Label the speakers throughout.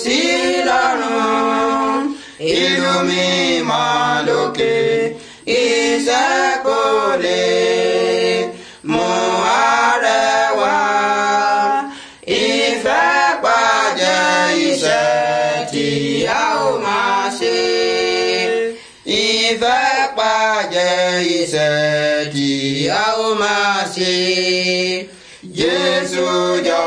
Speaker 1: sí lọ́run ìlú mímọ́ lókè iṣẹ́ kò lè mú arẹwà ìfẹ́ pàjẹ́ iṣẹ́ tí a ó máa ṣe
Speaker 2: ìfẹ́
Speaker 1: pàjẹ́ iṣẹ́ tí a ó máa ṣe Jésù jọ.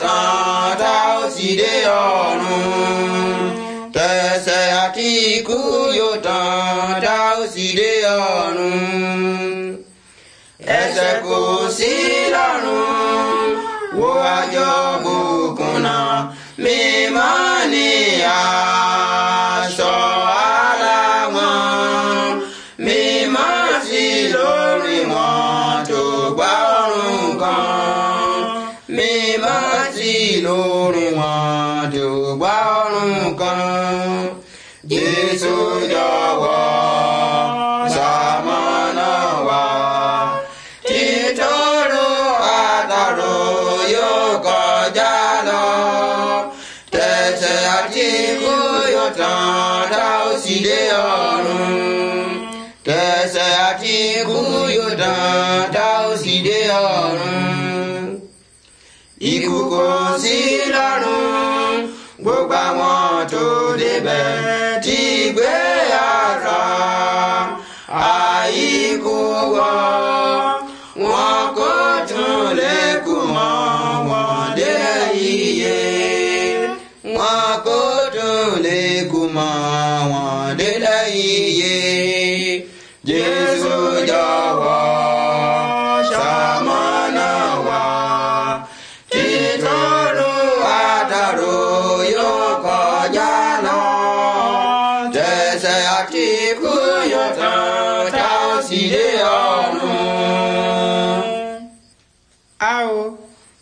Speaker 1: tán tá ó sì dé ọ̀run. Tẹ̀sẹ̀ àti ikú yóò tán tá ó sì dé ọ̀run. Ẹ̀ṣẹ̀ kò sí lọ́run, wo àjọ méjì lórí wọn dùgbà ọ̀run kan Jésù jọ̀wọ́ ṣamọ̀nà wa títọ́rọ àtàrò yóò kọjá lọ tẹ̀sẹ̀ àti kú yóò tán dá ó sì dé ọ̀run tẹ̀sẹ̀ àti kú yóò tán dá ó sì dé ọ̀run kò sí lọ́rùn gbogbo àwọn tó débẹ̀ ti gbé ara àyíkú wọ wọn kò iye wọn kò tún lè iye Jésù jọ̀wọ́. tán tá ó sì dé ọ̀run.
Speaker 2: a o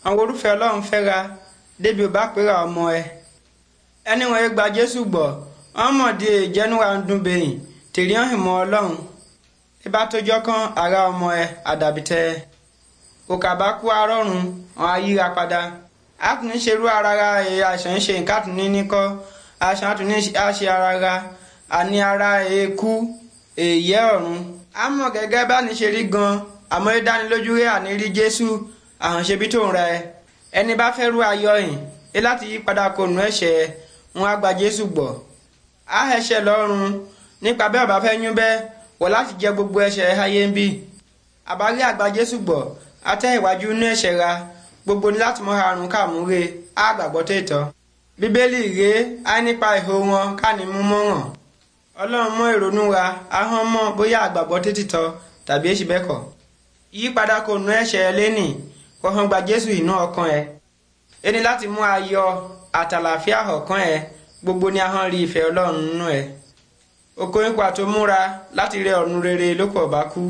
Speaker 2: àwọn olùfẹ́ ọlọ́run fẹ́ra débi ò bá pera ọmọ ẹ ẹni wọn gba jésù gbọ́ wọn mọ̀ di ìjẹnuwa ń dún bẹ̀yìn tèrí hàn ìmọ̀ ọlọ́run ibà tó jọ kan ara ọmọ ẹ àdàbìtẹ òkà bá kú arọ́run ọ̀hún ayíra padà a tún ní ṣerú ara ra èyí àìsàn ń ṣe nǹkan àtúní ní kọ́ àìsàn àtúní ṣe ara ra àní ara èé kú èyí ọ̀run á mọ̀ gẹ́gẹ́ bá ní ṣe rí gan-an àmọ́ ó dánilójú rẹ̀ àní rí jésù àhànṣebí tó ń ra ẹ ẹni bá fẹ́ rú ayọ̀yìn ẹ láti yí padà kò nù ẹ̀ṣẹ̀ wọn á gba jésù gbọ́ á ẹ̀ṣẹ̀ lọ́run nípa bẹ́ẹ̀ ọ̀bá fẹ́ yún bẹ́ẹ̀ wọ̀ láti jẹ gbogbo ẹ̀ṣẹ̀ ayé ń bì àbárí àgbà jésù gbọ́ atẹ́ ìwájú inú ẹ̀ṣẹ̀ ra gbogbo ní láti mọ àrùn kàmúre á gbàgbọ́ tètò bíbélì rèé á nípa ìhó ọlọ́run mọ ìrònú wa ahọ́n mọ bóyá àgbàgbọ́ títítọ́ tàbí èsì bẹ́ẹ̀ kọ́ yípadà kò nú ẹ̀ṣẹ̀ lẹ́nì kó hàn gba jésù inú ọkàn ẹ ẹni láti mú ayọ̀ àtàlàfíà ọ̀kan ẹ gbogbo ni ahọ́n rí ìfẹ́ ọlọ́run nínú ẹ okòó ipò àtòmúra láti rẹ ọ̀run rere lókọ̀ kú